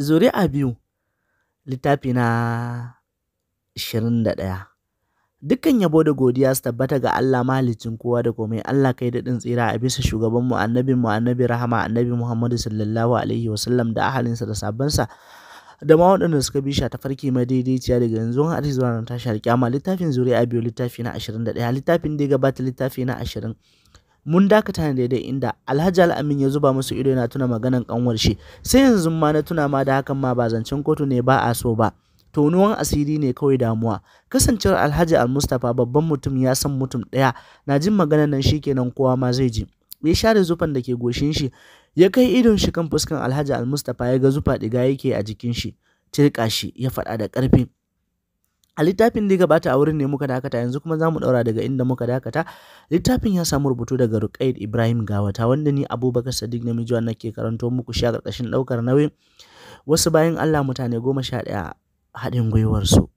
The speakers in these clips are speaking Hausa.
Zuri'a Biyu littafi na 21 Dukkan yabo da godiya su tabbata ga Allah mahaliccin kowa da komai Allah kai daɗin tsira a bisa shugabanmu mu annabi rahama annabi Muhammadu sallallahu alaihi wasallam da ahalinsa da sabansa da ma waɗanda suka bi shi ta farki madaidaiciya daga yanzu har zuwa nan tashar kyama littafin zuri'a biyu littafi na 21 littafin da ya gabata littafi na ashirin. mun dakata ne daidai inda alhaji al'amin ya zuba musu ido yana tuna maganan kanwar shi sai yanzu ma na tuna ma da hakan ma ba zancen kotu ne ba a so ba tonuwan asiri ne kawai damuwa kasancewar alhaji almustapha babban mutum ya san mutum ɗaya na jin maganan nan shikenan kowa ma zai ji ya share zufan da ke goshin shi ya kai idon shi kan fuskan alhaji almustapha ya ga zufa diga yake a jikin shi tirka shi ya faɗa da ƙarfi a littafin da ya gabata a wurin ne muka dakata yanzu kuma za mu ɗaura daga inda muka dakata littafin ya samu rubutu daga ruƙayyar ibrahim gawata wanda ni abubakar sadiq na mijuwa nake karanto muku shi a ƙarƙashin ɗaukar nauyin wasu bayan allah mutane goma sha ɗaya haɗin gwiwarsu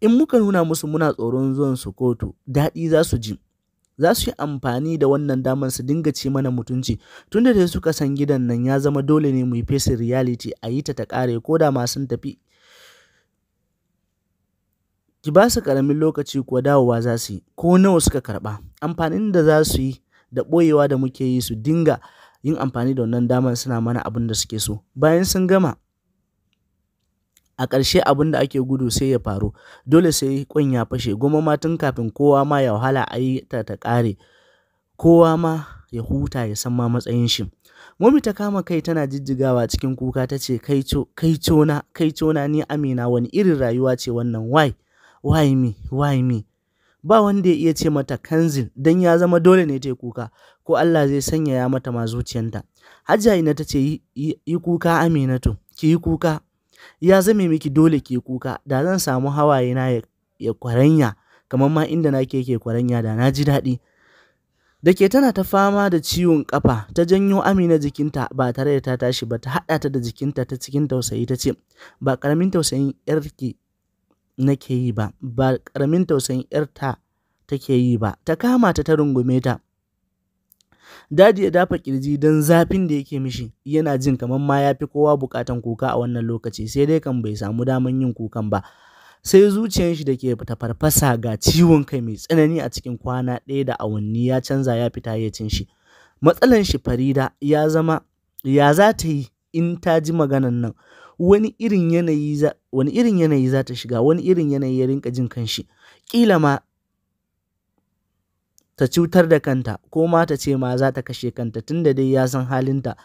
in muka nuna musu muna tsoron zuwan su kotu daɗi za su ji za su yi amfani da wannan damar su dinga ci mana mutunci tunda da suka san gidan nan ya zama dole ne mu yi fesin reality a yi ta ta ƙare, ko da ma tafi Ki ba su ƙaramin lokaci kuwa dawowa za su yi, ko nawa suka karɓa, amfanin da za su yi da ɓoyewa da muke yi su dinga yin amfani da wannan damar suna mana abin da suke so. Bayan sun gama, a ƙarshe abin da ake gudu sai ya faru, dole sai ƙwan ya fashe, goma ma tun kafin kowa ma ya wahala a yi ta ta ƙare, kowa ma ya huta ya san ma matsayin shi. Momi ta kama kai tana jijjigawa cikin kuka ta ce, Kai na, kai na ni Amina wani irin rayuwa ce wannan wai. why me, why me. Ba wanda ya iya ce mata kanzil don ya zama dole ne ta yi kuka, ko Allah zai sanya ya mata ma zuciyanta. Hajiya Ina ta ce yi kuka Aminatu, ki yi kuka. Ya zame miki dole ki yi kuka, da zan samu hawaye na ya kwaranya, kamar ma inda na ke ke kwaranya da na ji daɗi. da ke tana ta fama da ciwon kafa ta janyo amina jikinta ba tare da ta tashi ba ta haɗa ta da jikinta ta cikin tausayi ta ce ba karamin tausayin yarki nake yi ba, ba ƙaramin tausayin 'yarta take yi ba, ta kama ta ta rungume ta. Dadi ya dafa kirji don zafin da yake mishi yana jin kamar ma ya fi kowa bukatan kuka a wannan lokaci sai dai kan bai samu daman yin kukan ba. Sai zuciyar shi da ke ta ga ciwon kai mai tsanani a cikin kwana ɗaya da awanni ya canza ya fita ya cin shi. Matsalan shi Farida ya zama ya za ta yi in ta ji maganan nan wani irin yanayi za wani irin yanayi za ta shiga wani irin yanayi ya rinka jin kanshi kila ma ta cutar da kanta ko ma ta ce ma za ta kashe kanta tunda dai ya san halinta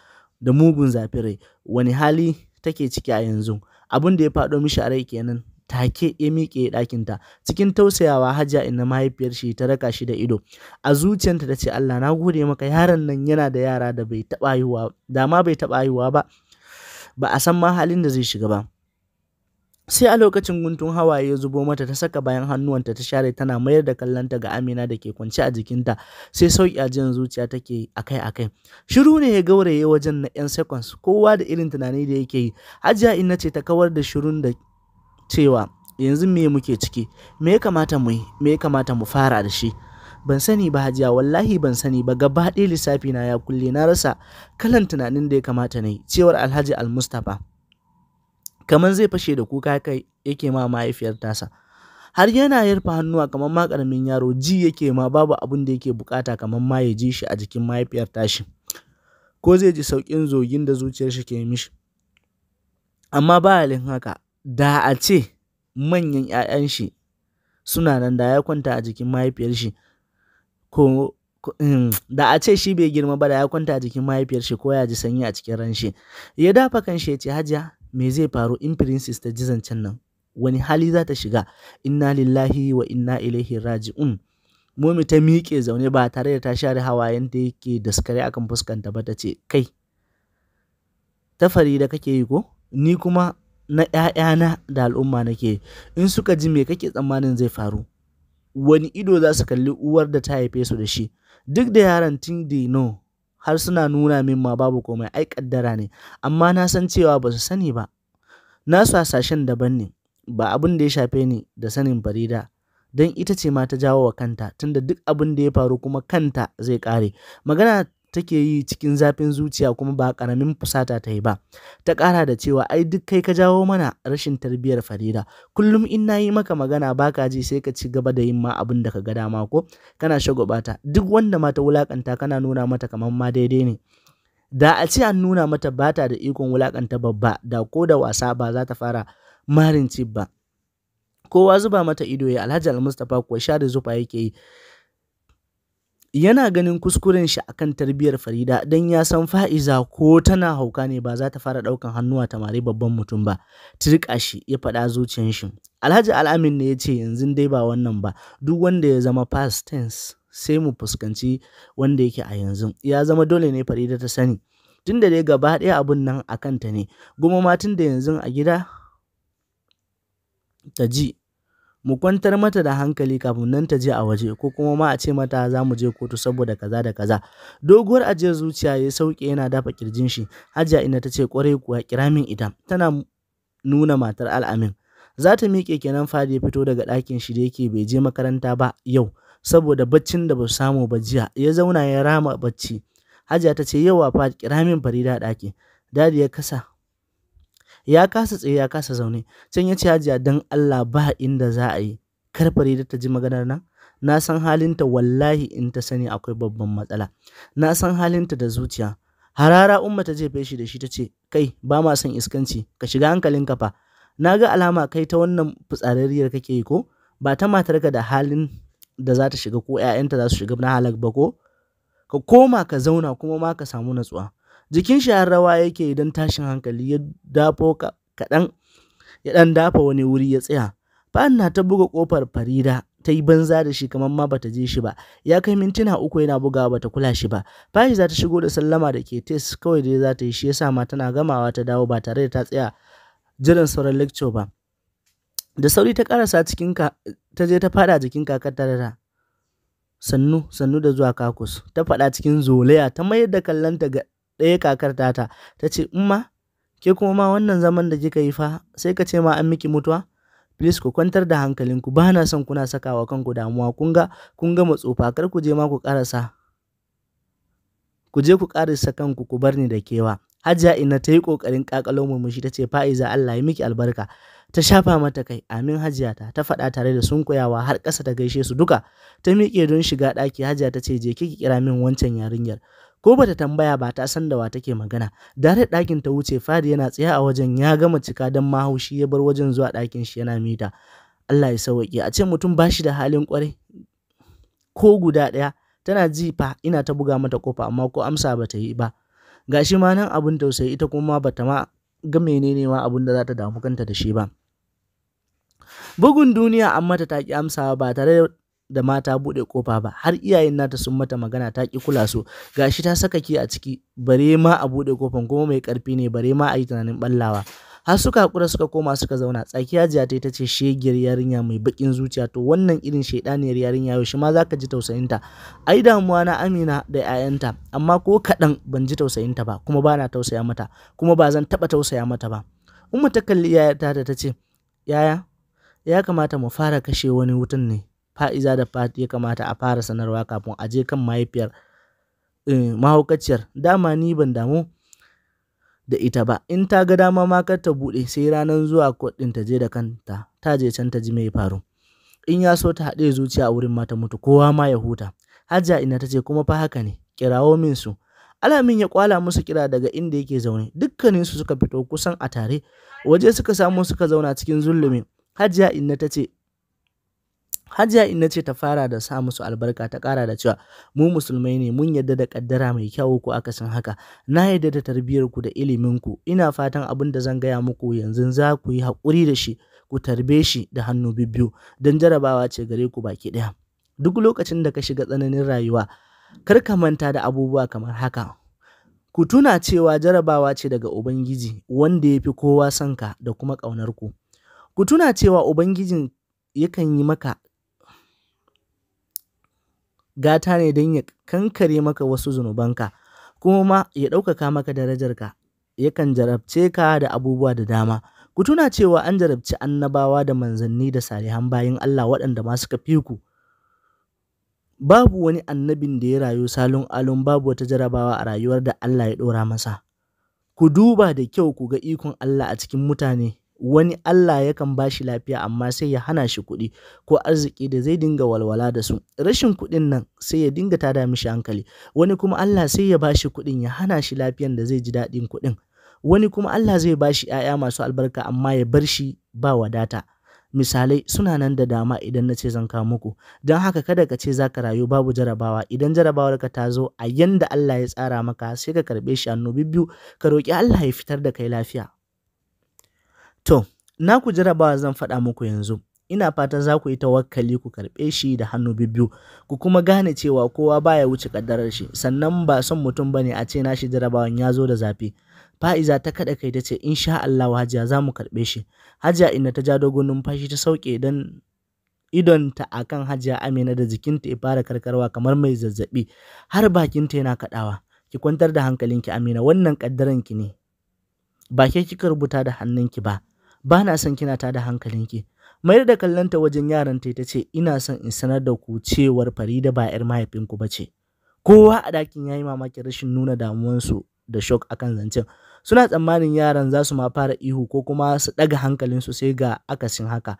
da mugun zafi rai wani hali take ciki a yanzu abin da ya faɗo mishi a rai kenan take ya miƙe ɗakinta cikin tausayawa hajiya inna mahaifiyar shi ta raka shi da ido a zuciyarta ta ce Allah na gode maka yaron nan yana da yara da bai taɓa haihuwa da bai taɓa haihuwa ba ba a san ma halin da zai shiga ba. Sai a lokacin guntun hawaye ya zubo mata ta saka bayan hannuwanta ta share tana mayar da kallonta ga Amina da ke kwance a jikinta sai sauki a jin zuciya take akai akai. Shiru ne ya gauraye wajen na 'yan seconds kowa da irin tunani da yake yi. Hajiya Inna ce ta kawar da shirun da cewa yanzu me muke ciki me ya kamata mu yi me ya kamata mu fara da shi. ban sani ba hajiya wallahi ban sani ba gaba ɗaya lissafi na ya kulle na rasa kalan tunanin da ya kamata na yi cewar alhaji almustapha kamar zai fashe da kuka kai yake ma mahaifiyar tasa har yana yarfa hannuwa kamar ma karamin yaro ji yake ma babu abin da yake bukata kamar ma ya ji shi a jikin mahaifiyar tashi ko zai ji saukin zogin da zuciyar shi ke mishi amma ba halin haka da a ce manyan 'ya'yan shi suna nan da ya kwanta a jikin mahaifiyar shi ko da a ce shi bai girma ba da ya kwanta a jikin mahaifiyar shi ko ya ji sanyi a cikin ran shi ya dafa kan shi ya ce hajiya me zai faru in princess ta ji zancen nan wani hali za ta shiga inna lillahi wa inna ilaihi raji'un momi ta miƙe zaune ba tare da ta share hawayen da yake daskare akan fuskanta ba ta ce kai fari da kake yi ko ni kuma na ‘ya'yana da al'umma nake in suka ji me kake tsammanin zai faru wani ido za su kalli uwar da ta haife su da shi duk da yaran tun da no har suna nuna min ma babu komai ai kaddara ne amma na san cewa ba su sani ba Na nasu hasashen daban ne ba abin da ya shafe ni da sanin farida don ita ce ma ta jawo wa kanta tunda duk abin da ya faru kuma kanta zai kare magana take yi cikin zafin zuciya kuma ba karamin fusata ta yi ba ta kara da cewa ai duk kai ka jawo mana rashin tarbiyyar farida kullum in na yi maka magana baka ji sai ka ci gaba da yin ma abin da ka ga dama ko kana shagwabata duk wanda mata ta wulakanta kana nuna mata kamar ma daidai ne da a ce an nuna mata bata da ikon wulakanta babba da ko da wasa ba za ta fara marin ba kowa zuba mata ido ya alhaji almustapha kuwa share zufa yake yi yana ganin kuskuren shi akan tarbiyyar Farida don ya san Fa'iza ko tana hauka ne ba za ta fara ɗaukan hannuwa ta mare babban mutum ba. Tirka shi ya faɗa zuciyar shi. Alhaji Al'amin ne ya ce yanzu dai ba wannan ba duk wanda ya zama past tense sai mu fuskanci wanda yake a yanzu. Ya zama dole ne Farida ta sani. Tunda da dai gaba ɗaya abun nan a kanta ne, goma ma da yanzu a gida ta mu kwantar mata da hankali kafin nan ta je a waje ko kuma ma a ce mata za mu je kotu saboda kaza da kaza doguwar ajiyar zuciya ya sauke yana dafa kirjin shi hajiya ina ta ce kwarai kuwa kira min ita tana nuna matar al'amin za ta miƙe kenan fadi ya fito daga ɗakin shi da yake bai je makaranta ba yau saboda baccin da ba su samu ba jiya ya zauna ya rama bacci hajiya ta ce yawa fadi kira min farida ɗaki dadi ya kasa ya kasa tsaye ya kasa zaune can ya ce hajiya don Allah ba inda za a yi kar Farida ta ji maganar nan na san halinta wallahi in ta sani akwai babban matsala na san halinta da zuciya harara umma ta jefe shi da shi ta ce kai ba ma son iskanci ka shiga hankalin kafa. na ga alama kai ta wannan fitsarariyar kake yi ko ba ta matarka da halin da za ta shiga ko 'ya'yanta za su shiga na halak ba ko ka koma ka zauna kuma ma ka samu natsuwa jikin shi har rawa yake idan tashin hankali ya dafo kaɗan ya ɗan dafa wani wuri ya tsaya fa'an na ta buga ƙofar farida ta yi banza da shi kamar ma bata je shi ba ya kai mintuna uku yana bugawa bata kula shi ba fashi za ta shigo da sallama da ke tes kawai dai za ta yi shi yasa ma tana gamawa ta dawo ba tare da ta tsaya jiran sauran lecture ba da sauri ta karasa cikin ka ta je ta fada jikin kakar ta sannu sannu da zuwa kakus ta fada cikin zolaya ta mayar da kallanta ga ɗaya kakar tata ta ce umma ke kuma ma wannan zaman da kika yi fa sai ka ce ma an miki mutuwa please ku kwantar da hankalinku ba na son kuna sakawa kanku damuwa kun ga kun gama tsofa kar ku je ma ku karasa ku je ku karasa kanku ku bar ni da kewa Hajiya ina ta yi ƙoƙarin ƙaƙalo murmushi ta ce fa'iza Allah ya miki albarka ta shafa mata kai amin hajiya ta ta faɗa tare da sunkuyawa har ƙasa ta gaishe su duka ta miƙe don shiga ɗaki hajiya ta ce je kiki kira min wancan yarinyar ko bata tambaya ba ta san da wa take magana dare ɗakin ta wuce fadi yana tsaya a wajen ya gama cika don mahaushi ya bar wajen zuwa ɗakin shi yana mita Allah ya sauwaƙe a ce mutum ba shi da halin ƙwarai ko guda ɗaya tana ji fa ina ta buga mata kofa amma ko amsa ba ta yi ba gashi ma nan abin tausayi ita kuma ba ta ma ga menene ma abin da za ta damu kanta da shi ba bugun duniya amma ta taƙi amsawa ba tare da mata buɗe kofa ba har iyayen nata sun mata magana ta ki kula su gashi ta saka ki a ciki bare ma a buɗe kofan kuma mai ƙarfi ne bare ma a yi tunanin ballawa har suka hakura suka koma suka zauna tsakiya jiya ta ita ce shegiyar yarinya mai bakin zuciya to wannan irin shaidaniyar yarinya yau shi ma zaka ji tausayinta ai damuwa na Amina da 'ya'yanta amma ko kaɗan ban ji tausayinta ba kuma ba na tausaya mata kuma ba zan taɓa tausaya mata ba umma ta kalli yayata ta ce yaya ya kamata mu fara kashe wani wutan ne fa'iza da Fati ya kamata a fara sanarwa kafin a je kan mahaifiyar eh, mahaukaciyar dama ni ban damu da ita ba in ta ga dama ma kar ta buɗe sai ranar zuwa kuɗin ta je da kanta ta je can ta ji mai faru in ya so ta haɗe zuciya a wurin mata mutu kowa ma ya huta hajja ina ta ce kuma fa haka ne kirawo min su alamin ya kwala musu kira daga inda yake zaune dukkanin su suka fito kusan a tare waje suka samu suka zauna cikin zulumi hajiya inna ta ce Hajiya Inna ce ta fara da sa musu albarka ta kara da cewa mu musulmai ne mun yadda da ƙaddara mai kyau ko akasin haka na yadda da tarbiyyar ku da ilimin ku ina fatan abin da zan gaya muku yanzu za ku yi haƙuri da shi ku tarbe shi da hannu bibbiyu don jarabawa ce gare ku baki ɗaya duk lokacin da ka shiga tsananin rayuwa kar ka manta da abubuwa kamar haka ku tuna cewa jarabawa ce daga ubangiji wanda ya fi kowa son ka da kuma ƙaunar ku ku tuna cewa ubangijin yakan yi maka gata ne don ya kankare maka wasu zunubanka kuma ma ya ɗaukaka maka darajarka yakan jarabce ka da abubuwa da dama ku tuna cewa an jarabci annabawa da manzanni da salihan bayan Allah waɗanda ma suka fi ku babu wani annabin da ya rayu salon alon babu wata jarabawa a rayuwar da Allah ya ɗora masa ku duba da kyau ku ga ikon Allah a cikin mutane wani Allah yakan ba shi lafiya amma sai ya hana shi kuɗi ko arziki da zai dinga walwala da su rashin kuɗin nan sai ya dinga tada mishi hankali wani kuma Allah sai ya ba shi kuɗin ya hana shi lafiyan da zai ji daɗin kuɗin wani kuma Allah zai ba shi ‘ya'ya masu albarka amma ya bar shi ba wadata misalai suna nan da dama idan na ce zan kawo muku don haka kada ka ce za ka rayu babu jarabawa idan jarabawar ka ta zo a yanda Allah ya tsara maka sai ka karɓe shi annobi biyu ka roƙi Allah ya fitar da kai lafiya To, na ku jarabawa zan faɗa muku yanzu. Ina fata za ku yi tawakkali ku karɓe shi da hannu biyu ku kuma gane cewa kowa baya wuce ƙaddarar shi sannan ba son mutum ba ne a ce nashi jarabawan ya zo da zafi. Fa'iza ta kaɗa kai ta ce sha Allah Hajiya za mu karɓe shi. Hajiya ina ta ja dogon numfashi ta sauke don idonta a kan Hajiya Amina da jikinta ya fara karkarwa kamar mai zazzaɓi har bakinta yana kaɗawa. Ki kwantar da hankalinki Amina wannan kaddaran ki ne. Ba ke kika rubuta da hannunki ba. ba na son kina tada hankalinki. Mayar da kallonta wajen yaran ta ce, ina son in sanar da ku cewar Farida ba 'yar mahaifinku ba ce. Kowa a ɗakin ya yi mamakin rashin nuna damuwansu da shock akan zancen. Suna tsammanin yaran za su ma fara ihu ko kuma su ɗaga hankalinsu sai ga akasin haka.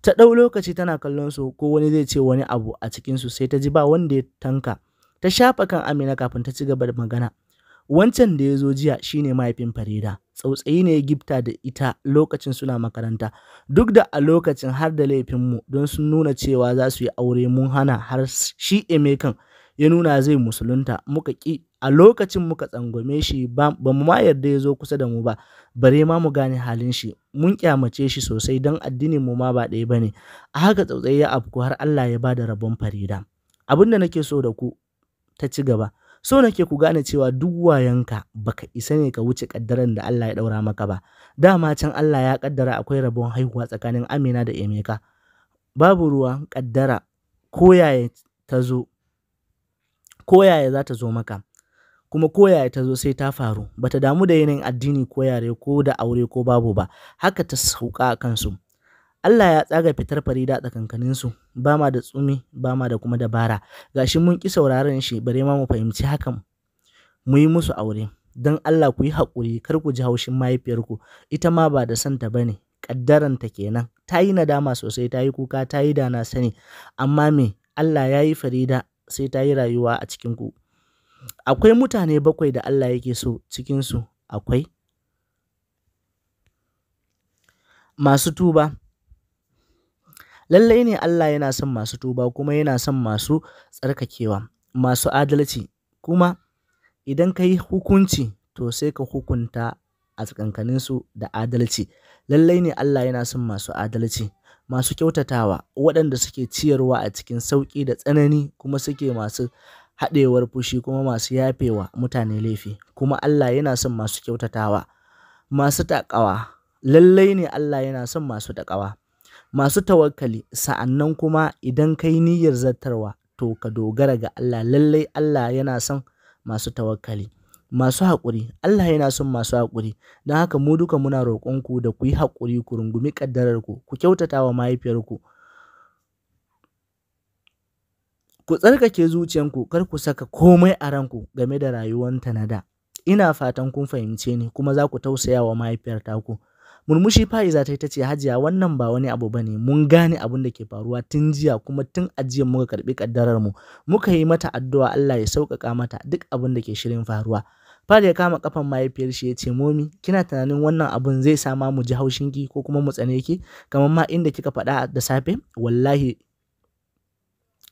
Ta ɗau lokaci tana kallon su ko wani zai ce wani abu a cikinsu sai ta ji ba wanda ya tanka. Ta shafa kan Amina kafin ta ci gaba da magana. Wancan da ya zo jiya shine mahaifin Farida. tsautsayi ne ya gifta da ita lokacin suna makaranta duk da a lokacin har da laifinmu don sun nuna cewa za su yi aure mun hana har shi emekan ya nuna zai musulunta muka ki a lokacin muka tsangwame shi ba mu ma yarda ya zo kusa da mu ba bare ma mu gane halin shi mun kyamace shi sosai don addinin mu ma ba ɗaya ba ne a haka tsautsayi ya afku har Allah ya bada rabon farida abin da nake so da ku ta ci gaba so nake ku gane cewa duk wayanka baka isa ne ka wuce kaddaran da Allah ya daura maka ba dama can Allah ya kaddara akwai rabon haihuwa tsakanin Amina da Emeka babu ruwa kaddara koyaye ta zo koyaye za ta zo maka kuma koyaye ta zo sai ta faru bata damu da yanayin addini ko yare ko da aure ko babu ba haka ta sauka a kansu Allah ya tsaga fitar Farida tsakankaninsu, ba ma da tsumi, ba ma da kuma dabara. Ga shi mun ki sauraron shi, bare ma mu fahimci hakan. Mu yi musu aure, don Allah ku yi haƙuri, kar ku ji haushin mahaifiyarku, ita ma ba da ta ba ne, ƙaddaranta kenan. Ta yi nadama sosai, ta yi kuka, ta yi dana sani, amma me Allah ya yi Farida sai ta yi rayuwa a cikin ku. Akwai mutane bakwai da Allah yake so cikinsu, akwai masu tuba. Lallai ne Allah yana son masu tuba kuma yana son masu tsarkakewa, masu adalci, kuma idan ka yi hukunci to sai ka hukunta a tsakankaninsu da adalci. Lallai ne Allah yana son masu adalci, masu kyautatawa, waɗanda suke ciyarwa a cikin sauƙi da tsanani kuma suke masu haɗewar fushi kuma masu yafewa mutane laifi. Kuma Allah yana son masu kyautatawa, masu taƙawa. Lallai ne Allah yana son masu taƙawa. masu tawakkali sa'annan kuma idan ka yi niyyar zartarwa to ka dogara ga Allah lallai Allah yana son masu tawakkali masu haƙuri Allah yana son masu haƙuri don haka mu duka muna roƙonku da ku yi haƙuri ku rungumi ƙaddararku ku kyautata wa mahaifiyarku ku tsarkake zuciyanku kar ku saka komai a ranku game da rayuwanta na da ina fatan kun fahimce ni kuma za ku tausaya wa mahaifiyar taku Murmushi Fa'iza ta yi ta ce Hajiya wannan ba wani abu bane mun gane abin da ke faruwa tun jiya kuma tun ajiya muka karbi kaddarar mu muka yi mata addu'a Allah ya sauƙaƙa mata duk abin da ke shirin faruwa. Fad ya kama kafan mahaifiyar shi ya ce momi kina tunanin wannan abun zai sama mu ji haushinki ko kuma mu tsane ki kamar ma inda kika faɗa da safe wallahi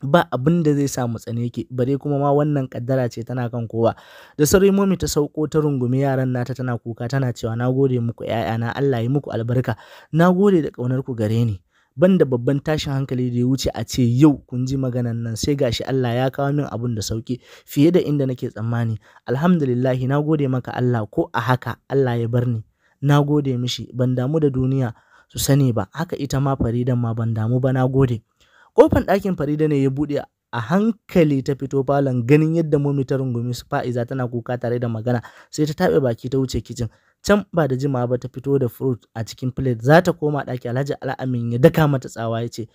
ba abin da zai sa mu tsane yake bare kuma ma wannan kaddara ce tana kan kowa da sauri momi ta sauko ta rungumi yaran nata tana kuka tana cewa na gode muku na Allah ya muku albarka na gode da kaunar ku gare ni banda babban tashin hankali da ya wuce a ce yau kun ji maganan nan sai gashi Allah ya kawo min abun da sauki fiye da inda nake tsammani alhamdulillah na gode maka Allah ko a haka Allah ya bar ni na gode mishi ban damu da duniya su sani ba haka ita ma faridan ma ban damu ba na gode Kofan ɗakin Farida ne ya buɗe a hankali ta fito falon ganin yadda momi ta rungumi su fa'iza tana kuka tare da magana sai ta taɓe baki ta wuce kicin can ba da jimawa ba ta fito da fruit a cikin plate za ta koma ɗaki alhaji al'amin ya daka mata tsawa ya ce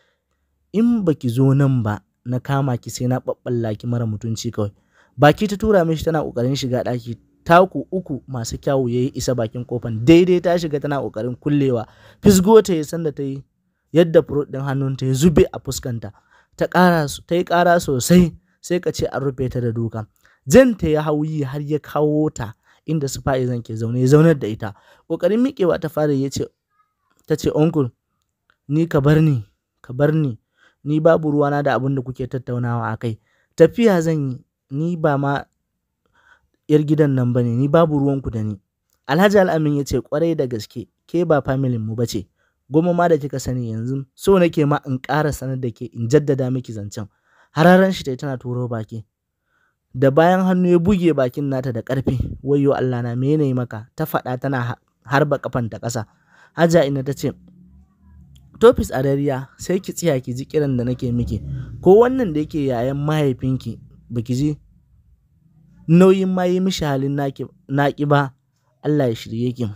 in baki zo nan ba na kama ki sai na ɓaɓɓalla ki mara mutunci kawai baki ta tura mishi tana ƙoƙarin shiga ɗaki taku uku masu kyawu ya yi isa bakin kofan daidai ta shiga tana ƙoƙarin kullewa fisgo ta yi sanda ta yi yadda furut ɗin hannunta ya zube a fuskanta ta yi ƙara sosai sai ka ce an rufe ta da duka janta ya hauyi har ya kawo ta inda su zan ke zaune zaunar da ita ƙoƙarin miƙewa ta fara ya ce ta ce onkul ni ka bar ni ka bar ni ni babu ruwana da abin da kuke tattaunawa a kai tafiya zan yi ni ba ma yar gidan nan ba ne ni babu ruwanku da ni alhaji al'amin ya ce kwarai da gaske ke ba familin mu ba ce Goma ma da kika sani yanzu so nake ma in ƙara sanar da ke in jaddada miki zancen. hararan shi ta tana turo baki. Da bayan hannu ya buge bakin nata da ƙarfi, wayyo Allah na me yi maka, ta faɗa tana harba kafan ta ƙasa. Haja ina ta ce, Tofis a dariya sai ki tsiya ki ji kiran da nake miki, ko wannan da yake yayan mahaifinki baki ji nauyin ma yi mishi halin naki ba, Allah ya shirye ki.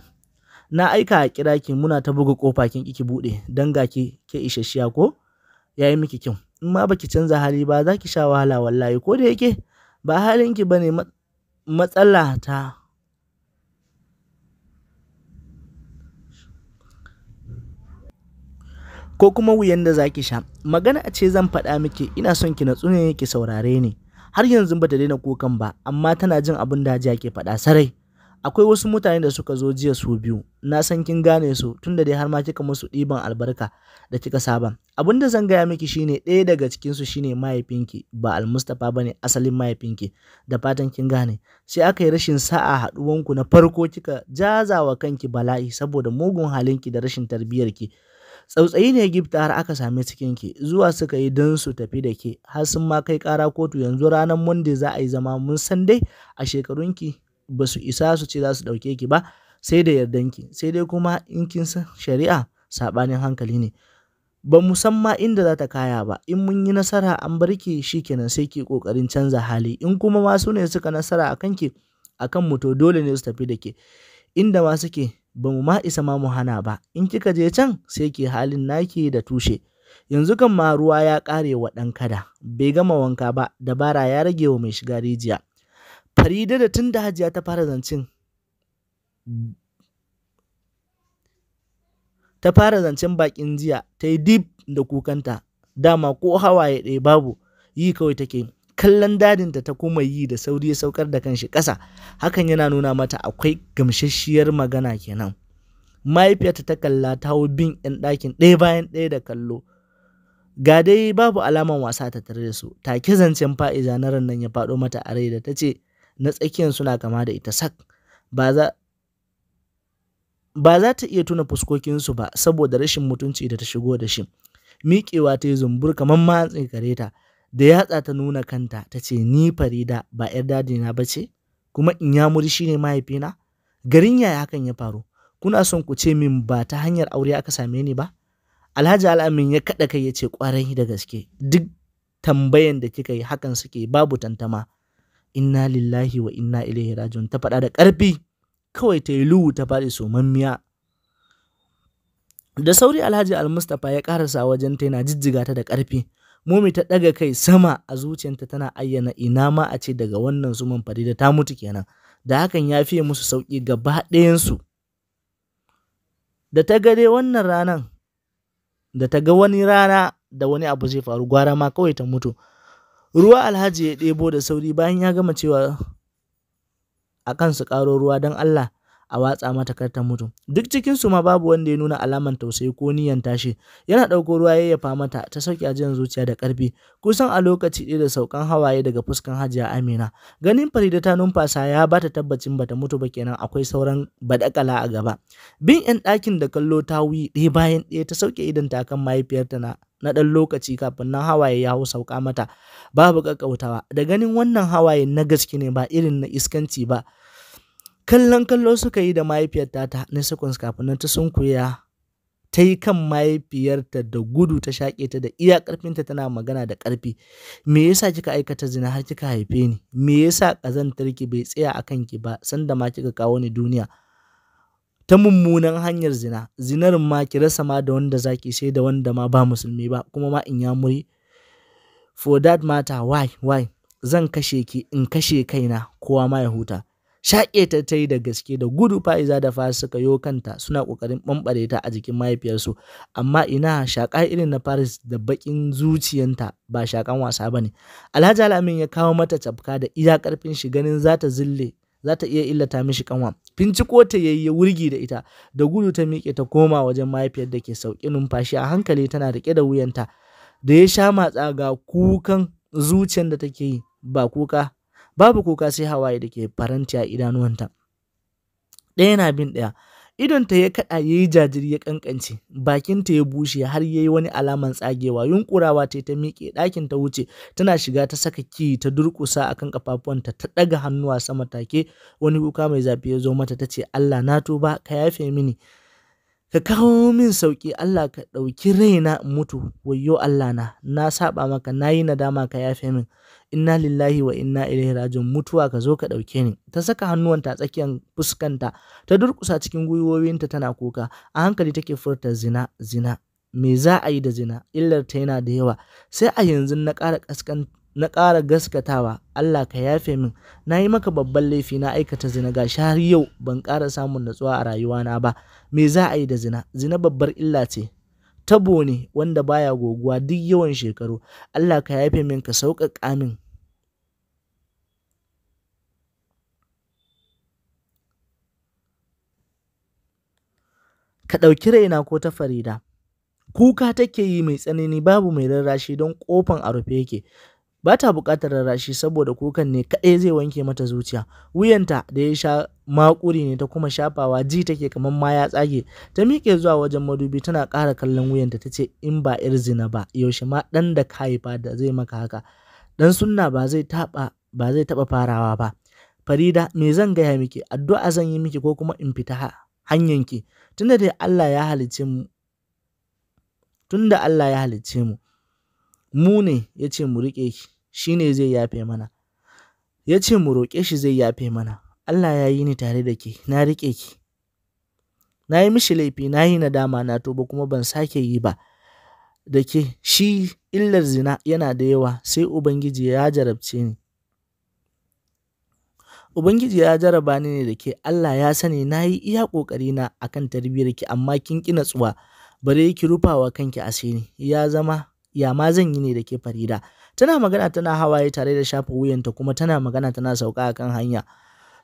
na aika a kira ki muna ta buga kofa kin kiki bude dan ga ki ke isheshiya ko yayi miki kyau in ma baki canza hali ba za ki sha wahala wallahi ko da yake ba halin ki bane matsala ta ko kuma wuyan da zaki sha magana a ce zan faɗa miki ina son ki natsu ne ki saurare ni har yanzu bata daina kukan ba amma tana jin abin da ke faɗa sarai Akwai wasu mutane da suka zo jiya su biyu, na san kin gane su tunda dai har ma kika musu ɗiban albarka da kika saba. Abin da zan gaya miki shine ɗaya daga cikin su shine mahaifinki ba Almustapha bane asalin mahaifinki, da fatan kin gane. Sai aka yi rashin sa'a haɗuwanku na farko kika jazawa kanki bala'i saboda mugun halinki da rashin tarbiyyarki. Tsautsayi ne gifta har aka same cikinki zuwa suka yi don su tafi da ke har sun ma kai kara kotu yanzu ranar Monday za a yi zama mun san dai a shekarunki ba su isa su ce za su ɗauke ki ba sai da yardanki sai dai kuma in kin san shari'a saɓanin hankali ne ba musamma san ma inda za ta kaya ba in mun yi nasara an bar ki kenan sai ki kokarin canza hali in kuma ma su ne suka nasara a kanki a kan mu to dole ne su tafi da ke inda ma suke ba mu ma isa ma mu hana ba in kika je can sai ki halin naki da tushe yanzu kan ma ruwa ya kare wa ɗan kada bai gama wanka ba dabara ya rage wa mai shiga rijiya Farida da tun da Hajiya ta fara zancen ta fara zancen bakin jiya ta yi dib da kukanta, dama ko hawaye ɗaya babu, yi kawai take kallon dadinta ta kuma yi da sauri ya saukar da kanshi ƙasa, hakan yana nuna mata akwai gamsasshiyar magana kenan. Mahaifiyarta ta kalla ta hau bin 'yan ɗakin ɗaya bayan ɗaya da kallo. Ga dai babu alaman wasa ta tare da su, take zancen fa'iza na ran nan ya faɗo mata a rai da ta ce, na tsakiyar suna kama da ita sak ba za ba za ta iya tuna fuskokinsu ba saboda rashin mutunci da ta shigo da shi miƙewa ta yi zumbur kamar ma kare ta da yatsa ta nuna kanta ta ce ni farida ba 'yar dadina ba ce kuma in ya muri shi ne mahaifina garin yaya hakan ya faru kuna son ku ce min ba ta hanyar aure aka same ni ba alhaji al'amin ya kaɗa kai ya ce ƙwarai da gaske duk tambayan da kika yi hakan suke babu tantama inna lillahi wa inna ilaihi rajiun ta faɗa da ƙarfi kawai ta yi luwu ta faɗi somammiya da sauri alhaji almustapha ya karasa wajen ta yana jijjiga ta da ƙarfi momi ta ɗaga kai sama a zuciyarta tana ayyana ina ma a ce daga wannan zuman farida ta mutu kenan da hakan ya fiye musu sauƙi gaba ɗayansu da ta ga dai wannan ranan da ta ga wani rana da wani abu zai faru gwara ma kawai ta mutu ruwa alhaji ya ɗebo da sauri bayan ya gama cewa a kan su ruwa don allah a watsa mata kar ta mutu duk cikin su ma babu wanda ya nuna alaman tausayi ko niyan tashi yana ɗauko ruwa ya yafa mata ta sauke ajiyar zuciya da ƙarfi kusan a lokaci ɗaya da saukan hawaye daga fuskan hajiya amina ganin farida ta numfasa ya bata tabbacin bata mutu ba kenan akwai sauran badakala a gaba bin yan ɗakin da kallo ta wuyi ɗaya bayan ɗaya ta sauke idan ta kan mahaifiyarta na na ɗan lokaci kafin na hawaye ya hau sauka mata babu ƙaƙƙautawa da ganin wannan hawaye na gaske ne ba irin na iskanci ba kallon kallo suka yi da mahaifiyar ta na seconds kafin nan ta sunkuya ta yi kan mahaifiyarta da gudu ta shaƙe ta da iya ƙarfinta tana magana da ƙarfi me yasa kika aikata zina har kika haife ni me yasa ƙazantar ki bai tsaya a kanki ba sanda ma kika kawo ni duniya ta mummunan hanyar zina zinar ma ki rasa ma da wanda zaki sai da wanda ma ba musulmi ba kuma ma in ya muri for that matter why why zan kashe ki in kashe kaina kowa ma ya huta shaƙe ta ta yi da gaske da gudu fa'iza da fa suka yo kanta suna ƙoƙarin ɓamɓare ta a jikin mahaifiyarsu amma ina shaƙa irin na faris da baƙin zuciyanta ba shaƙan wasa ba ne alhaji alamin ya kawo mata cafka da iya ƙarfin shi ganin za zille za ta iya illata mishi kanwa binciko ta yayi ya wurgi da ita da gudu ta miƙe ta koma wajen mahaifiyar da ke sauƙi numfashi a hankali tana riƙe da wuyanta da ya sha matsa ga kukan zuciyar da take yi ba kuka babu kuka sai hawaye da ke faranti a idanuwanta ɗaya na bin ɗaya idonta ya kaɗa ya yi jajiri ya ƙanƙance bakinta ya bushe har ya yi wani alaman tsagewa yunkurawa ta ta miƙe ɗakin ta wuce tana shiga ta saka ki ta durƙusa a kan ƙafafuwanta ta ɗaga hannuwa sama take wani kuka mai zafi ya zo mata ta ce Allah na tuba ka yafe mini ka kawo min sauki Allah ka ɗauki raina in mutu wayyo Allah na na saba maka na yi nadama ka yafe min inna lillahi wa inna ilaihi rajiun mutuwa ka zo ka ɗauke ni ta saka hannuwanta a tsakiyar fuskanta ta durƙusa cikin gwiwowinta tana kuka a hankali take furta zina zina me za a yi da zina illar ta yana da yawa sai a yanzu na ƙara na ƙara gaskatawa Allah ka yafe min na yi maka babban laifi na aikata zina ga har yau ban ƙara samun natsuwa a rayuwana ba me za a yi da zina zina babbar illa ce tabo ne wanda baya goguwa duk yawan shekaru Allah ka yafe min ka sauƙaƙa min ka ɗauki raina ko ta farida kuka take yi mai tsanani babu mai rarrashi don ƙofan a rufe yake ba ta buƙatar rarrashi saboda kukan ne kaɗai zai wanke mata zuciya wuyanta da ya sha makuri ne ta kuma shafawa ji take kamar ma ya tsage ta miƙe zuwa wajen madubi tana ƙara kallon wuyanta ta ce in ba ir zina ba yaushe ma ɗan da ka haifa da zai maka haka dan sunna ba zai taɓa ba zai taɓa farawa ba farida me zan gaya miki addu'a zan yi miki ko kuma in fita hanyanki tunda dai Allah ya halicce mu tunda Allah ya halicce mu mu ne ya ce mu rike ki shi ne zai yafe mana. Ya ce mu roƙe shi zai yafe mana, Allah ya yi ni tare da ke, na riƙe ki. Na yi mishi laifi, na yi nadama na toba kuma ban sake yi ba. Da ke, shi illar zina yana da yawa sai Ubangiji ya jarabce ni. Ubangiji ya jaraba ni ne da ke Allah ya sani na yi iya ƙoƙarina a kan tarbiyyar ki amma kin ƙi natsuwa bare ki wa kanki asiri ya zama ya ma zan yi ne da ke farida tana magana tana hawaye tare da shafa wuyanta kuma tana magana tana sauka kan hanya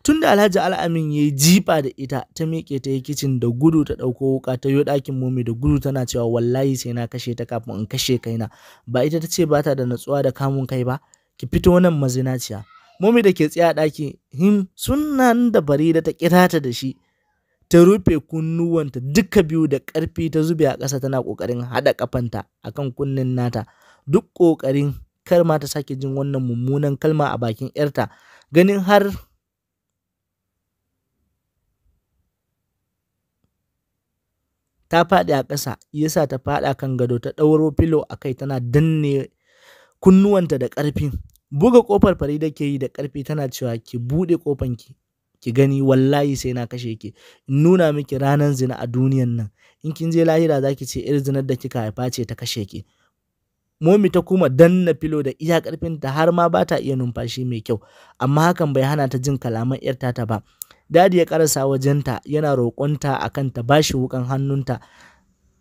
tunda alhaji al'amin ya yi jifa da ita ta miƙe ta yi kicin da gudu ta ɗauko wuka ta yi ɗakin momi da gudu tana cewa wallahi sai na kashe ta kafin in kashe kaina ba ita ta ce ba ta da natsuwa da kamun kai ba ki fito nan mazinaciya momi da ke tsaye a ɗaki him sunan da farida ta kira ta da shi ta rufe kunnuwanta duka biyu da ƙarfi ta zube a ƙasa tana ƙoƙarin haɗa ƙafanta akan kunnen nata duk ƙoƙarin kar ma ta sake jin wannan mummunan kalma a bakin ‘yarta, ganin har ta faɗi a ƙasa, yasa ta faɗa kan gado ta ɗauro filo a kai tana danne kunnuwanta da ƙarfi. Buga ƙofar Farida ke yi da ƙarfi tana cewa ki buɗe ƙofanki, ki gani wallahi sai na kashe ki, in nuna miki ranar zina a duniyan nan, in kin je lahira za ki ce irin zinar da kika haifa ce ta kashe ki. momi ta kuma danna filo da iya ƙarfinta har ma ba ta iya numfashi mai kyau amma hakan bai hana ta jin kalaman 'yar ta ba dadi ya karasa wajenta yana roƙonta akan ta bashi wukan hannunta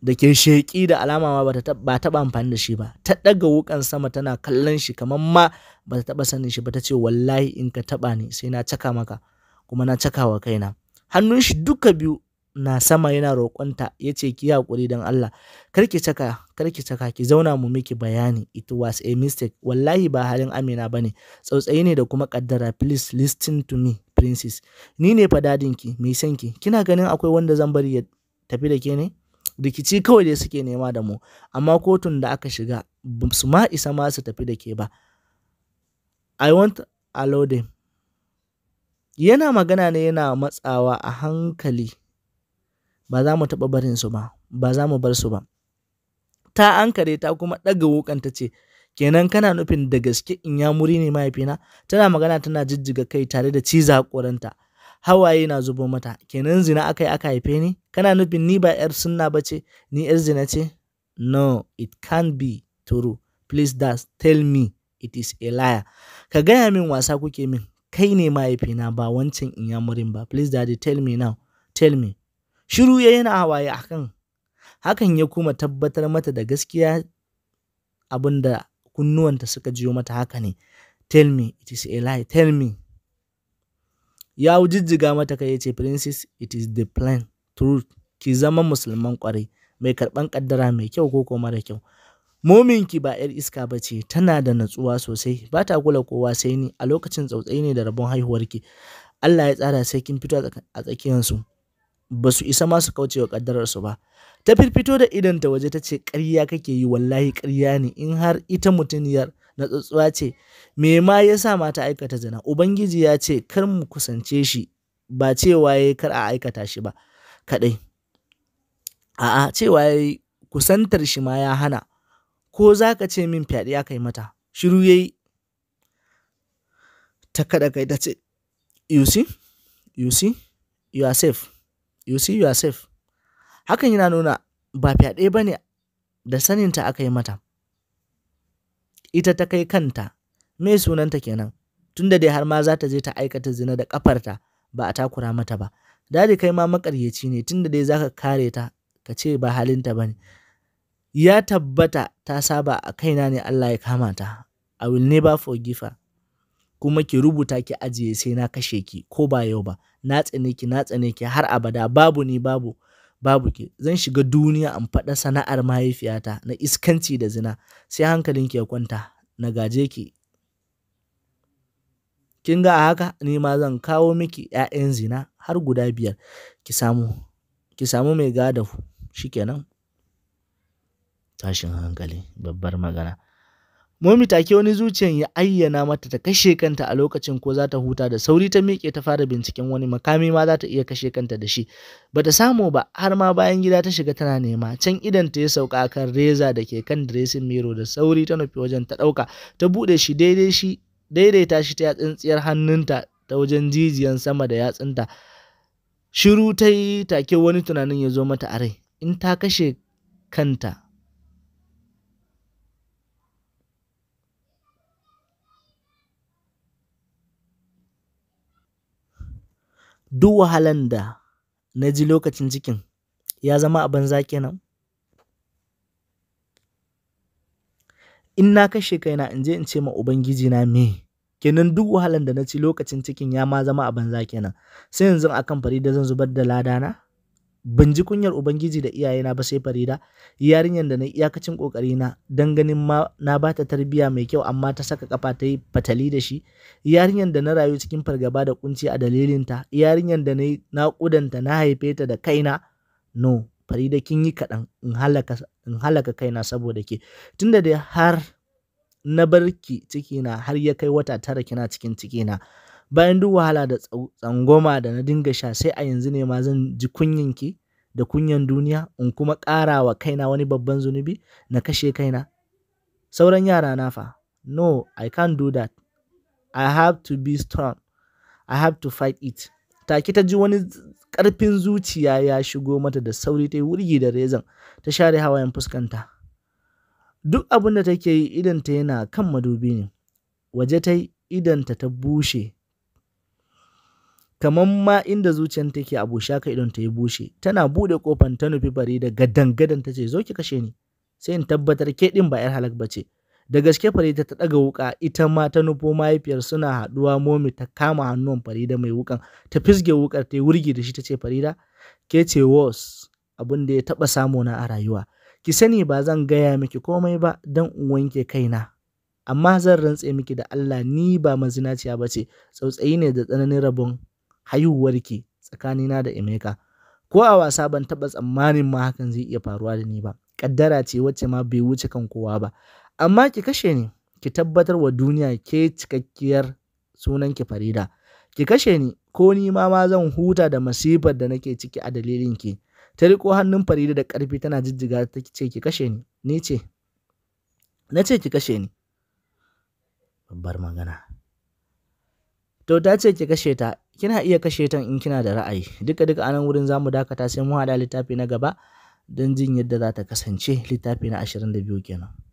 da ke sheƙi da alama ma ba taɓa amfani da shi ba ta ɗaga wukan sama tana kallon shi kamar ma ba ta taɓa sanin shi ba ta ce wallahi in ka taɓa ni sai na caka maka kuma na cakawa kaina hannun shi duka biyu na sama yana roƙonta ya ce ki haƙuri don Allah karki caka karki caka ki zauna mu miki bayani it was a mistake wallahi ba halin amina ba ne. tsautsayi ne da kuma kaddara please listen to me princess ni ne fa dadinki mai sanki kina ganin akwai wanda zan bari ya tafi da ke ne rikici kawai dai suke nema da mu amma kotun da aka shiga su ma isa ma su tafi da ke ba i want allow them yana magana ne yana matsawa a hankali ba za mu taɓa barin su ba ba za mu bar su ba ta ankare ta kuma ɗaga wukan ta ce kenan kana nufin da gaske in ya muri ne mahaifina tana magana tana jijjiga kai tare da ciza koranta hawaye na zubo mata kenan zina aka yi aka haife ni kana nufin ni ba yar sunna ba ce ni yar zina ce no it can't be true please das tell me it is a liar ka gaya min wasa kuke min kai ne mahaifina ba wancan in ya murin ba please daddy tell me now tell me Shiru ya yana hawaye kan hakan ya kuma tabbatar mata da gaskiya abinda kunnuwanta suka jiyo mata haka ne. Tell me, it is a lie, tell me. Ya jijjiga mata kai ya ce, Princess, it is the plan truth. Ki zama musulman kwarai, mai karban kaddara mai kyau ko mara kyau. Mominki ba 'yar iska ba ce, tana da natsuwa sosai, ba ta kula kowa sai ni a lokacin tsautsayi ne da rabon haihuwarki. Allah ya tsara sai kin fito a tsakiyansu. ba su isa masu kaucewa kaddararsu ba ta firfito da idanta waje ta ce ƙarya kake yi wallahi ƙarya ne in har ita mutuniyar na tsatsuwa ce me ma ya sa mata aikata zina ubangiji ya ce kar mu kusance shi ba cewa ya kar a aikata shi ba kaɗai a'a cewa ya kusantar shi ma ya hana ko za ka ce min fyaɗe aka yi mata shiru ya yi ta kaɗa kai ta ce you see you see you are safe you see yourself. hakan yana nuna ba fyaɗe ba ne da saninta aka yi mata ita ta kai kanta me sunanta kenan tunda dai har ma za ta je ta aikata zina da kafarta ba a takura mata ba dadi kai ma makaryaci ne tunda dai za ka kare ta ka ce ba halinta ne ya tabbata ta saba a kaina ne Allah ya kama ta I will never forgive her kuma ki rubuta ki ajiye sai na kashe ki ko ba yau ba na tsane ki na tsane ki har abada babu ni babu babu ki zan shiga duniya in faɗa sana'ar mahaifiyata na iskanci da zina sai hankalinki ya kwanta na gaje ki kin ga a haka ni ma zan kawo miki 'ya'yan zina har guda biyar ki samu ki samu mai gada shikenan tashin hankali babbar magana Momi take wani zuciyan ya ayyana mata ta kashe kanta a lokacin ko za ta huta da sauri ta miƙe ta fara binciken wani makami ma za ta iya kashe kanta da shi. Ba ta samu ba har ma bayan gida ta shiga tana nema can idan ta ya sauka kan reza da ke kan dressing mirror da sauri ta nufi wajen ta ɗauka ta buɗe shi daidai shi daidaita shi ta tsintsiyar hannunta ta wajen jijiyan sama da yatsunta. Shiru ta yi take wani tunanin ya zo mata a rai in ta kashe kanta duk wahalan da na ji lokacin cikin ya zama a banza kenan in na kashe kaina in je in ce ma ubangiji na me kenan duk wahalan da na ci lokacin cikin ya ma zama a banza kenan sai yanzu akan fari da zan zubar da ladana ban ji kunyar ubangiji da iyayena ba sai farida yarinyar da na iyakacin kokari na dan ganin ma na ba ta tarbiya mai kyau amma ta saka kafa ta yi fatali da shi yarinyar da na rayu cikin fargaba da kunci a dalilinta yarinyar da na yi naƙudanta na haife ta da kaina no farida kin yi kaɗan in halaka kaina saboda ke tunda dai har na barki cikina har ya kai wata tara kina cikin cikina Bayan duk wahala da tsangwama da na dinga sha sai a yanzu ne ma zan ji kunyan kunyanki da kunyan duniya in kuma ƙara wa kaina wani babban zunubi na kashe kaina. Sauran yara na fa, no I can't do that. I have to be strong. I have to fight it. Take ta ji wani ƙarfin zuciya ya shigo mata da sauri ta yi wurgi da rezan ta share hawayen fuskanta. Duk abin da take yi idanta yana kan madubi ne, waje ta yi idanta ta bushe kamar ma inda zuciyar take a bushe idon ta yi bushe, tana bude kofan ta nufi Farida gadan-gadan ta ce zo ki kashe ni, sai in tabbatar ke din ba ‘yar halak ba ce. Da gaske Farida ta ɗaga wuka ita ma ta nufo mahaifiyar suna haɗuwa momi ta kama hannuwan Farida mai wukan ta fisge wuƙar ta yi wurgi da shi ta ce Farida ke ce was abin da ya taɓa na a rayuwa. Ki sani ba zan gaya miki komai ba dan in wanke kaina. Amma zan rantse miki da Allah ni ba mazinaciya bace. ce, tsautsayi ne da tsananin rabon haihuwarki tsakanina da Emeka. Ko a wasa ban taɓa tsammanin ma hakan zai iya faruwa da ni ba. Kaddara ce wacce ma bai wuce kan kowa ba. Amma ki kashe ni, ki tabbatar wa duniya ke cikakkiyar sunanki Farida. Ki kashe ni, ko ni ma ma zan huta da masifar da nake ciki a dalilin ki. Ta riko hannun Farida da ƙarfi tana jijjiga ta ce ki kashe ni, ni ce. Na ce ki kashe ni. Babbar magana. to ta ce ki kashe ta kina iya kashe ta in kina da ra'ayi duka duka anan wurin zamu dakata sai mu hada littafi na gaba don jin yadda za ta kasance littafi na 22 kenan